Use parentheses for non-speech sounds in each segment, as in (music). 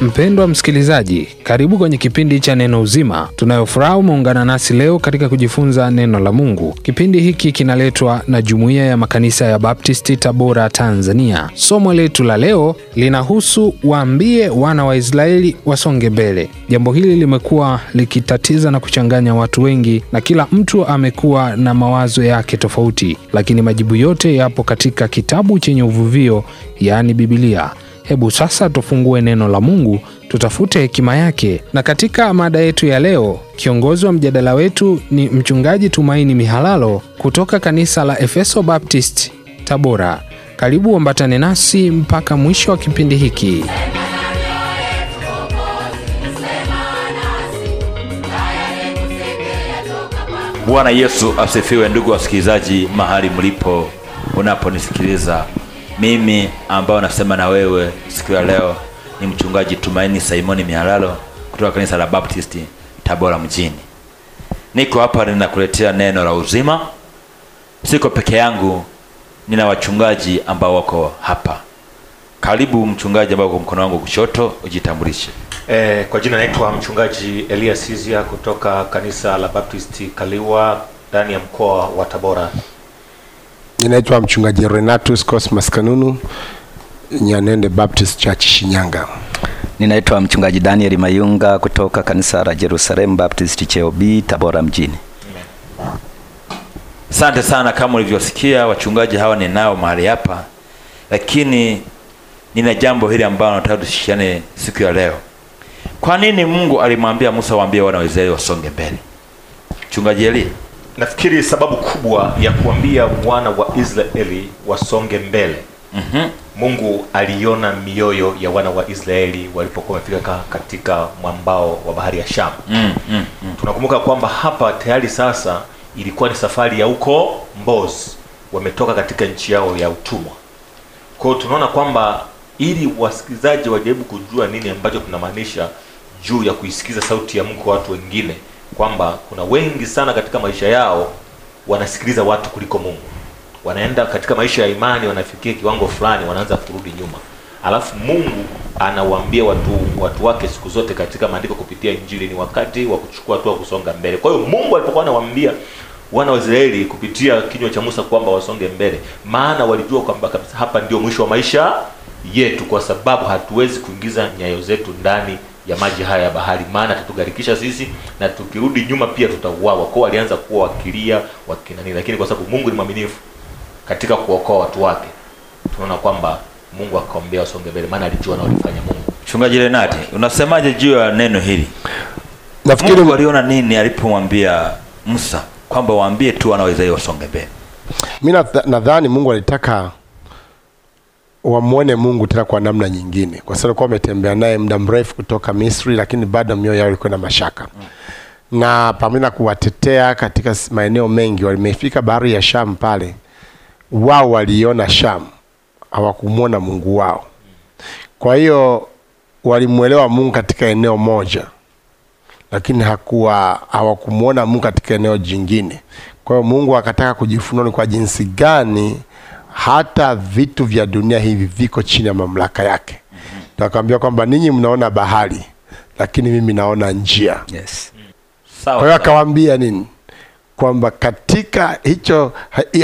Mpendwa msikilizaji, karibu kwenye kipindi cha Neno Uzima. Tunayofuraha umeungana nasi leo katika kujifunza neno la Mungu. Kipindi hiki kinaletwa na Jumuiya ya Makanisa ya Baptisti Tabora, Tanzania. Somo letu la leo linahusu waambie wana wa Israeli wasonge mbele. Jambo hili limekuwa likitatiza na kuchanganya watu wengi, na kila mtu amekuwa na mawazo yake tofauti, lakini majibu yote yapo katika kitabu chenye uvuvio, yaani Bibilia. Hebu sasa tufungue neno la Mungu, tutafute hekima yake. Na katika mada yetu ya leo, kiongozi wa mjadala wetu ni Mchungaji Tumaini Mihalalo kutoka kanisa la Efeso Baptist Tabora. Karibu ambatane nasi mpaka mwisho wa kipindi hiki. Bwana Yesu asifiwe, ndugu wasikilizaji mahali mlipo unaponisikiliza mimi ambao nasema na wewe siku ya leo ni mchungaji tumaini simoni mihalalo kutoka kanisa la baptisti tabora mjini niko hapa ninakuletea neno la uzima siko peke yangu nina wachungaji ambao wako hapa karibu mchungaji ambao kwa mkono wangu kushoto ujitambulishe e, kwa jina naitwa mchungaji elias sizia kutoka kanisa la baptisti kaliwa ndani ya mkoa wa tabora Ninaitwa mchungaji Renatus Cosmas Kanunu, Nyanende Baptist Church Shinyanga. Ninaitwa mchungaji Daniel Mayunga kutoka kanisa la Jerusalem Baptist CHOB Tabora mjini. Asante sana, kama ulivyosikia wachungaji hawa ninao mahali hapa, lakini nina jambo hili ambalo nataka tushikiane siku ya leo. Kwa nini Mungu alimwambia Musa waambie wana wa Israeli wasonge mbele? Mchungaji Elia nafikiri sababu kubwa ya kuambia wana wa Israeli wasonge mbele mm-hmm. Mungu aliona mioyo ya wana wa Israeli walipokuwa wamefika katika mwambao wa bahari ya sham mm, hmm Tunakumbuka kwamba hapa tayari sasa ilikuwa ni safari ya uko Mbozi, wametoka katika nchi yao ya utumwa. Kwa hiyo tunaona kwamba ili wasikilizaji wajaribu kujua nini ambacho tunamaanisha juu ya kuisikiza sauti ya Mungu kwa watu wengine kwamba kuna wengi sana katika maisha yao wanasikiliza watu kuliko Mungu. Wanaenda katika maisha ya imani, wanafikia kiwango fulani, wanaanza kurudi nyuma. Alafu Mungu anawaambia watu watu wake siku zote katika maandiko kupitia Injili ni wakati wa kuchukua hatua kusonga mbele. Kwa hiyo Mungu alipokuwa anawaambia wana wa Israeli kupitia kinywa cha Musa kwamba wasonge mbele, maana walijua kwamba kabisa hapa ndio mwisho wa maisha yetu, kwa sababu hatuwezi kuingiza nyayo zetu ndani ya maji haya ya bahari, maana tutugharikisha sisi na tukirudi nyuma pia tutauawa. Kwao walianza kuwa wakilia wakinani, lakini kwa sababu Mungu ni mwaminifu katika kuokoa watu wake, tunaona kwamba Mungu akaombea wasonge mbele, maana alijua na walifanya Mungu. Mchungaji Renati, unasemaje juu ya neno hili? Nafikiri Mungu aliona nini alipomwambia Musa kwamba waambie tu wanaweza wasonge mbele? Mimi nadhani Mungu alitaka wamwone Mungu tena kwa namna nyingine, kwa sababu alikuwa ametembea naye muda mrefu kutoka Misri, lakini bado mioyo yao ilikuwa na mashaka na pamoja na kuwatetea katika maeneo mengi, walimefika bahari ya Sham pale, wao waliona Sham, hawakumwona Mungu wao. Kwa hiyo walimwelewa Mungu katika eneo moja, lakini hakuwa hawakumwona Mungu katika eneo jingine. Kwa hiyo Mungu akataka kujifunua ni kwa jinsi gani hata vitu vya dunia hivi viko chini ya mamlaka yake. Nakwambia kwamba ninyi mnaona bahari, lakini mimi naona njia yes. Kwa hiyo akawaambia nini? Kwamba katika hicho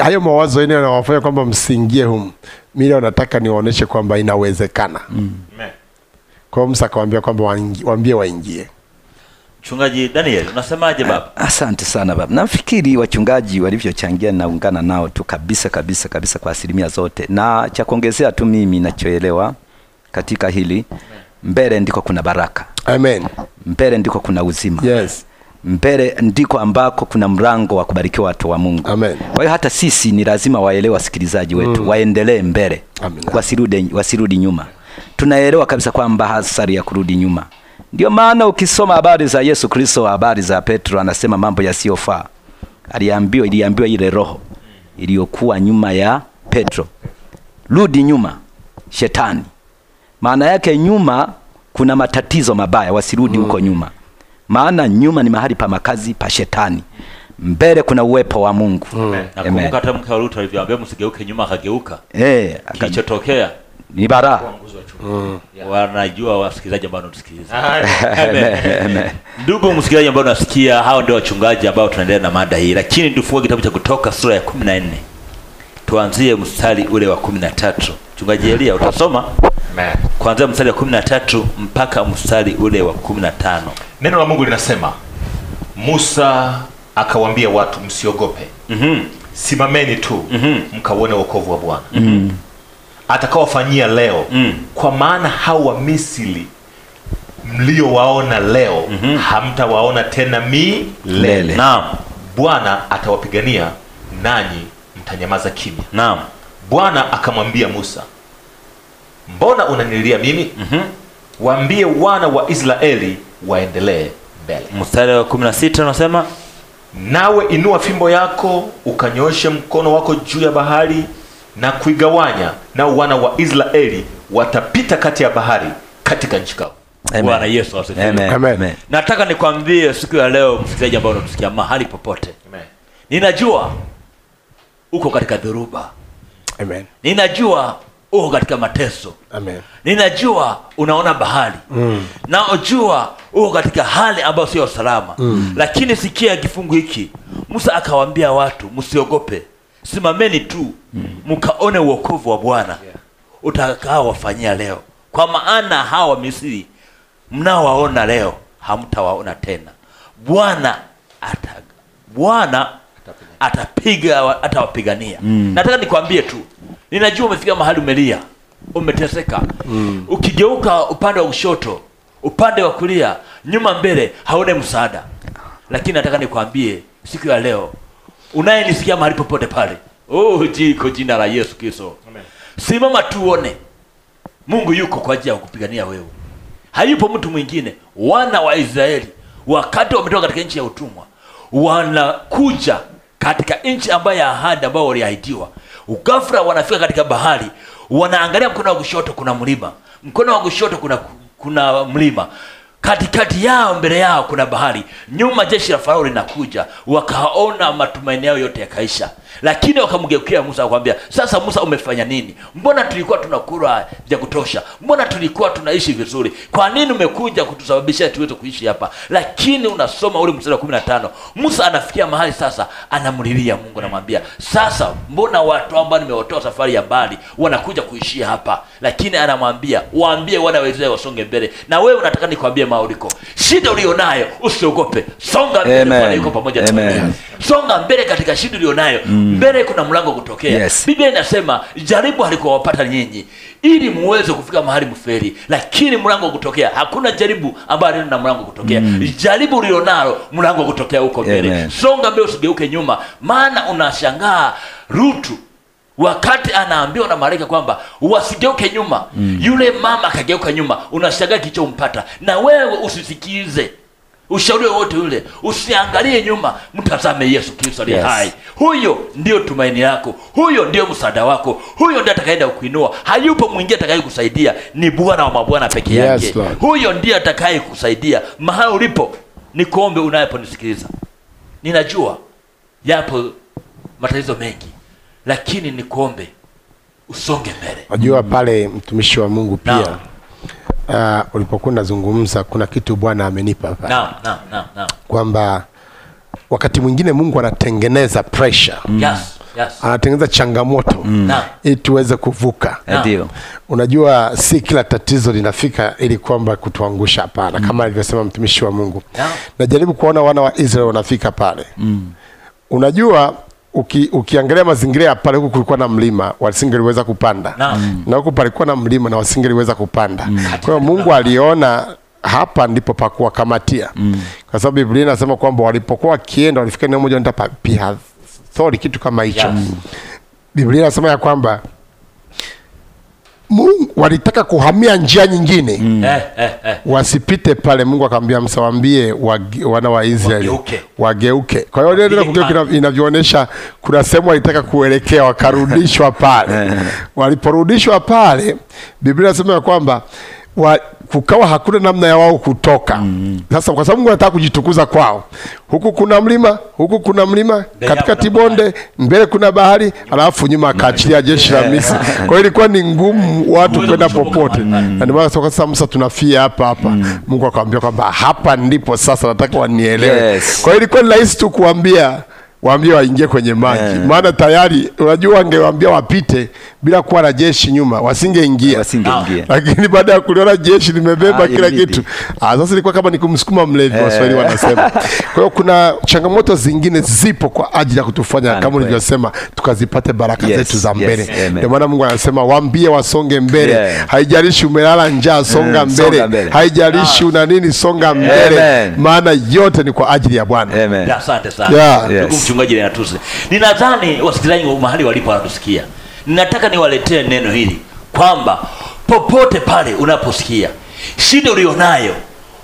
hayo mawazo yenu yanawafanya kwamba msiingie humu, mimi nataka niwaoneshe kwamba inawezekana mm. Kwa hiyo Musa akawaambia kwamba waambie waingie. Mchungaji Daniel, unasemaje baba? Ah, asante sana baba. Nafikiri wachungaji walivyochangia naungana nao tu kabisa kabisa kabisa kwa asilimia zote, na cha kuongezea tu mimi nachoelewa katika hili Mbele ndiko kuna baraka Amen. Mbele ndiko kuna uzima yes. Mbele ndiko ambako kuna mlango wa kubarikiwa watu wa Mungu Amen. Kwa hiyo hata sisi ni lazima waelewe wasikilizaji wetu mm. waendelee mbele, wasirudi wasirudi nyuma. Tunaelewa kabisa kwamba hasari ya kurudi nyuma ndio maana ukisoma habari za Yesu Kristo, habari za Petro, anasema mambo yasiyofaa aliambiwa, iliambiwa ile roho iliyokuwa nyuma ya Petro, rudi nyuma, shetani. Maana yake nyuma kuna matatizo mabaya, wasirudi huko mm. nyuma, maana nyuma ni mahali pa makazi pa shetani mbele kuna uwepo wa Mungu. Mm. Nakumbuka Amen. mke wa Lutu alivyoambia nyuma akageuka. Eh, kilichotokea ni bara mm. wanajua wasikilizaji ambao wanatusikiliza. Ah, (laughs) Ndugu msikilizaji ambao unasikia, hao ndio wachungaji ambao tunaendelea na mada hii, lakini tufungue kitabu cha Kutoka sura ya kumi na nne tuanzie mstari ule wa kumi na tatu. Mchungaji Elia utasoma kuanzia mstari wa kumi na tatu mpaka mstari ule wa kumi na tano. Neno la Mungu linasema, Musa akawaambia watu, msiogope, mm -hmm. simameni tu mm -hmm. mkaone wokovu wa Bwana mm -hmm atakaofanyia leo mm. kwa maana hao wa Misri mliowaona leo mm -hmm. hamtawaona tena milele. Naam. Bwana atawapigania nanyi mtanyamaza kimya. Naam. Bwana akamwambia Musa, mbona unanililia mimi? mm -hmm. Waambie wana wa Israeli waendelee mbele. Mstari wa 16 unasema, nawe inua fimbo yako ukanyoshe mkono wako juu ya bahari na kuigawanya, na wana wa Israeli watapita kati ya bahari katika nchi kavu. Bwana Yesu asifiwe. Amen. Amen. Nataka nikwambie siku ya leo msikilizaji ambao unatusikia mahali popote. Amen. Ninajua uko katika dhuruba. Amen. Ninajua uko katika mateso. Amen. Ninajua unaona bahari. Mm. Naojua uko katika hali ambayo sio salama. Mm. Lakini sikia kifungu hiki. Musa akawaambia watu, msiogope simameni tu mm. mkaone uokovu wa Bwana utakaowafanyia leo, kwa maana hawa Wamisri mnaowaona leo hamtawaona tena. Bwana ata Bwana atapiga atawapigania. Mm. Nataka nikwambie tu, ninajua umefika mahali umelia, umeteseka. Mm. Ukigeuka upande wa kushoto, upande wa kulia, nyuma, mbele, haone msaada, lakini nataka nikwambie siku ya leo unayenisikia mahali popote pale, oh, jiko jina la Yesu Kristo, simama tuone, Mungu yuko kwa ajili ya kukupigania wewe. Hayupo mtu mwingine. Wana wa Israeli wakati wametoka katika nchi ya utumwa, wanakuja katika nchi ambayo ya ahadi ambayo waliahidiwa, ghafla wanafika katika bahari, wanaangalia mkono wa kushoto kuna mlima, mkono wa kushoto kuna kuna mlima katikati yao mbele yao kuna bahari, nyuma jeshi la Farao linakuja, wakaona matumaini yao yote yakaisha lakini wakamgeukia Musa akamwambia, sasa Musa, umefanya nini? Mbona tulikuwa tunakula vya kutosha? Mbona tulikuwa tunaishi vizuri? Kwa nini umekuja kutusababishia tuweze kuishi hapa? Lakini unasoma ule mstari wa 15, Musa anafikia mahali sasa anamlilia Mungu, anamwambia sasa, mbona watu ambao nimewatoa safari ya mbali wanakuja kuishia hapa? Lakini anamwambia waambie wana wa Israeli wasonge mbele. Na wewe unataka nikwambie mauliko, shida ulionayo usiogope, songa mbele, Bwana yuko pamoja na songa mbele katika shida ulionayo mm. Mm. mbele kuna mlango kutokea. Yes. Biblia inasema jaribu halikowapata nyinyi ili muweze kufika mahali mferi, lakini mlango kutokea. Hakuna jaribu ambalo halina mlango kutokea. Mm. Jaribu ulionalo mlango kutokea huko mbele. Songa mbele, usigeuke nyuma, maana unashangaa Rutu wakati anaambiwa na malaika kwamba wasigeuke nyuma, mm. yule mama akageuka nyuma. Unashangaa kilichompata, na wewe usisikize ushauri wowote ule, usiangalie nyuma, mtazame Yesu Kristo aliye yes. hai. Huyo ndio tumaini yako huyo ndio msaada wako, huyo ndiye atakayeenda kukuinua. Hayupo mwingine kusaidia, ni Bwana wa mabwana peke yake yes, huyo ndiye atakayekusaidia mahali ulipo. kuombe unayeponisikiliza, ninajua yapo matatizo mengi, lakini ni kuombe usonge mbele. Najua pale mtumishi wa Mungu pia na, uh, ulipokuwa unazungumza kuna kitu Bwana amenipa hapa no, no, no, no. kwamba wakati mwingine Mungu anatengeneza pressure mm. yes, mm. yes. anatengeneza changamoto mm. no. ili tuweze kuvuka no. Unajua, si kila tatizo linafika ili kwamba kutuangusha, hapana mm. kama alivyosema mtumishi wa Mungu no. najaribu kuona wana wa Israeli wanafika pale mm. unajua uki, ukiangalia mazingira ya pale, huku kulikuwa na mlima, wasingeliweza kupanda na, na huku palikuwa na mlima na wasingeliweza kupanda mm. Kwa hiyo Mungu aliona hapa ndipo pa kuwakamatia mm. Kwa sababu Biblia inasema kwamba walipokuwa wakienda walifika eneo moja nitapa thori kitu kama hicho yes. Biblia inasema ya kwamba Mungu walitaka kuhamia njia nyingine mm. eh, eh, eh. eh. wasipite pale. Mungu akamwambia msawambie wana wa Israeli wageuke, wageuke. Kwa hiyo ndio kugeuka inavyoonesha kuna sehemu walitaka kuelekea wakarudishwa pale eh. waliporudishwa pale, Biblia inasema kwamba wa, kukawa hakuna namna ya wao kutoka mm. Sasa kwa sababu Mungu anataka kujitukuza kwao, huku kuna mlima, huku kuna mlima, katikati bonde, mbele kuna bahari, alafu nyuma akaachilia jeshi la Misri. Kwa hiyo ilikuwa ni ngumu watu kwenda popote, mm-hmm. na ndio maana sasa Musa tunafia hapa hapa mm. Mungu akamwambia kwamba hapa ndipo sasa nataka wanielewe. Yes. Kwa hiyo ilikuwa rahisi tu kuambia waambie waingie kwenye maji yeah. Maana tayari unajua, wangewaambia wapite bila kuwa na jeshi nyuma, wasingeingia wasingeingia, (laughs) lakini baada ya kuliona jeshi limebeba ah, kila kitu, ah, sasa ilikuwa kama nikumsukuma mlevi yeah. Waswahili wanasema. (laughs) Kwa hiyo kuna changamoto zingine zipo kwa ajili ya kutufanya kama ulivyosema tukazipate baraka yes, zetu za mbele yes, ndio maana Mungu anasema waambie wasonge mbele yeah. Haijalishi umelala njaa, songa mm, mbele, mbele. Haijalishi ah. una nini, songa mbele, maana yote ni kwa ajili ya Bwana. Asante sana mchungaji Renatus. Ninadhani wasikilizaji mahali walipo wanatusikia. Ninataka niwaletee neno hili kwamba popote pale unaposikia shida ulionayo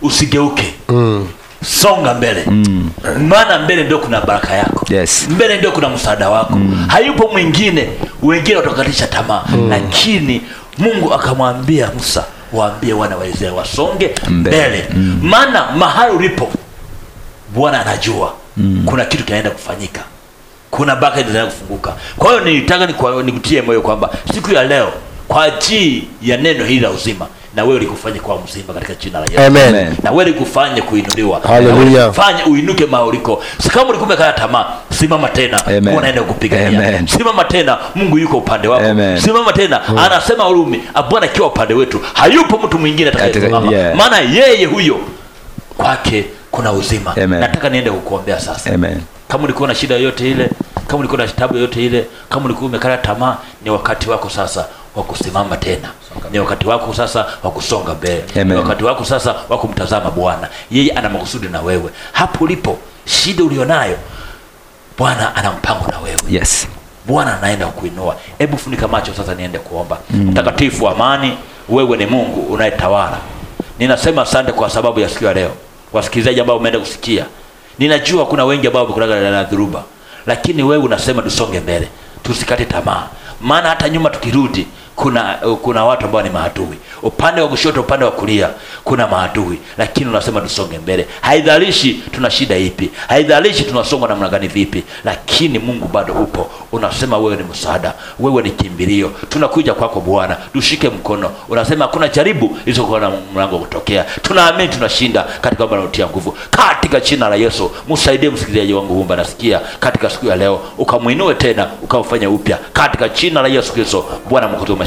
usigeuke. Mm. Songa mbele. Mm. Maana mbele ndio kuna baraka yako. Yes. Mbele ndio kuna msaada wako. Mm. Hayupo mwingine, wengine watakatisha tamaa. Mm. Lakini Mungu akamwambia Musa, waambie wana wa Israeli wasonge mbele. Mm. maana Mm. mahali ulipo Bwana anajua mm. kuna kitu kinaenda kufanyika, kuna baraka inaenda kufunguka. Kwa hiyo nilitaka nikutie moyo kwamba siku ya leo kwa ajili ya neno hili la uzima na wewe likufanye kwa mzima katika jina la Yesu. Amen. Na wewe likufanye kuinuliwa. Haleluya. Fanye uinuke mauliko. Sikamu ulikuwa umekata tamaa, simama tena. Mungu anaenda kukupigania. Simama tena, Mungu yuko upande wako. Amen. Simama tena, hmm. Anasema Warumi, ah, Bwana akiwa upande wetu, hayupo mtu mwingine atakayesimama. Yeah. Maana yeye huyo kwake kuna uzima. Amen. Nataka niende kukuombea sasa. Amen. Kama ulikuwa na shida yote ile, kama ulikuwa na tabu yote ile, kama ulikuwa umekata tamaa, ni wakati wako sasa wa kusimama tena, ni wakati wako sasa wa kusonga mbele, ni wakati wako sasa wa kumtazama Bwana. Yeye ana makusudi na wewe hapo ulipo, shida ulionayo, Bwana ana mpango na wewe. Yes. Bwana anaenda kuinua. Hebu funika macho sasa, niende kuomba. Mm. Mtakatifu mm. wa amani, wewe ni Mungu unayetawala. Ninasema asante kwa sababu ya siku ya leo wasikilizaji ambao umeenda kusikia, ninajua kuna wengi ambao wamekulaga na dhuruba, lakini wewe unasema tusonge mbele, tusikate tamaa, maana hata nyuma tukirudi kuna kuna watu ambao ni maadui, upande wa kushoto, upande wa kulia kuna maadui, lakini unasema tusonge mbele. Haidhalishi tuna shida ipi, haidhalishi tunasonga namna gani, vipi, lakini Mungu bado upo. Unasema wewe ni msaada, wewe ni kimbilio, tunakuja kwako Bwana, tushike mkono. Unasema kuna jaribu isiyokuwa na mlango kutokea. Tunaamini tunashinda katika Bwana utia nguvu, katika jina la Yesu. Msaidie msikilizaji wangu huyu nasikia katika siku ya leo, ukamwinue tena, ukamfanye upya katika jina la Yesu Kristo, Bwana mkutume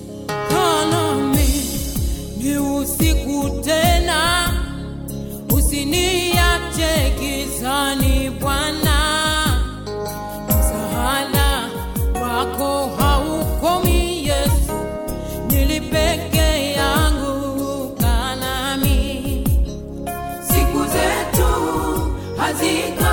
quase